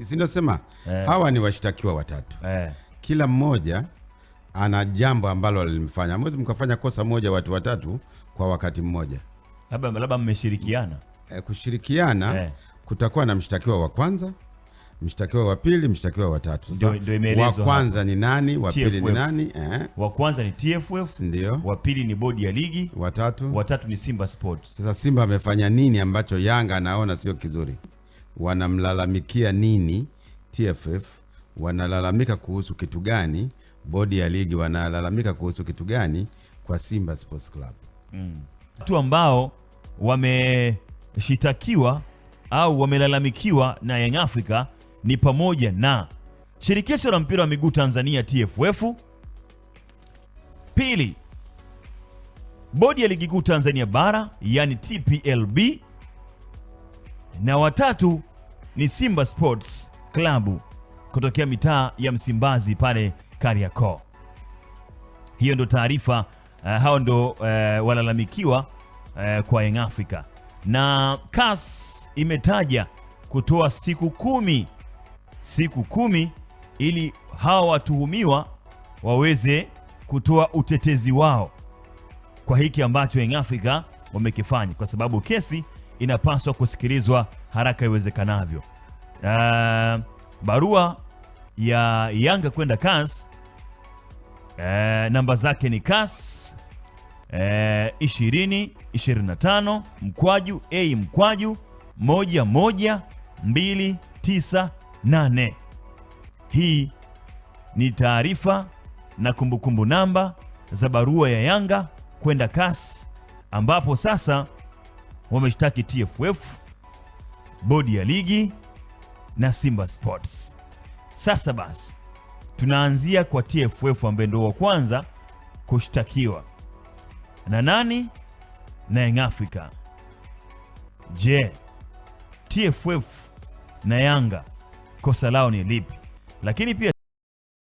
Sinasema eh, hawa ni washtakiwa watatu eh, kila mmoja ana jambo ambalo alimfanya. Mwezi mkafanya kosa moja watu watatu kwa wakati mmoja, labda labda mmeshirikiana eh, kushirikiana eh, kutakuwa na mshtakiwa wa kwanza, mshtakiwa wa pili, mshtakiwa wa tatu. Sasa wa kwanza ni nani? Wa pili ni nani? Eh, wa kwanza ni TFF, ndio. Wa pili ni bodi ya ligi, wa tatu ni Simba Sports. Sasa Simba amefanya nini ambacho Yanga anaona sio kizuri? wanamlalamikia nini TFF, wanalalamika kuhusu kitu gani, bodi ya ligi wanalalamika kuhusu kitu gani kwa Simba Sports Club. Mm. Watu ambao wameshitakiwa au wamelalamikiwa na Young Africa ni pamoja na Shirikisho la Mpira wa Miguu Tanzania TFF, pili, Bodi ya Ligi Kuu Tanzania Bara yani TPLB na watatu ni Simba Sports Club kutokea mitaa ya Msimbazi pale Kariakoo. Hiyo ndo taarifa uh, hao ndo uh, walalamikiwa uh, kwa Young Africa, na CAS imetaja kutoa siku kumi siku kumi ili hawa watuhumiwa waweze kutoa utetezi wao kwa hiki ambacho Young Africa wamekifanya, kwa sababu kesi inapaswa kusikilizwa haraka iwezekanavyo. Uh, barua ya Yanga kwenda CAS uh, e, namba zake ni CAS uh, 2025 mkwaju a mkwaju 11298. Hii ni taarifa na kumbukumbu namba za barua ya Yanga kwenda CAS ambapo sasa wameshtaki TFF, bodi ya ligi na Simba Sports. Sasa basi, tunaanzia kwa TFF ambaye ndio wa kwanza kushtakiwa na nani? Na Young Africa. Je, TFF na Yanga kosa lao ni lipi? Lakini pia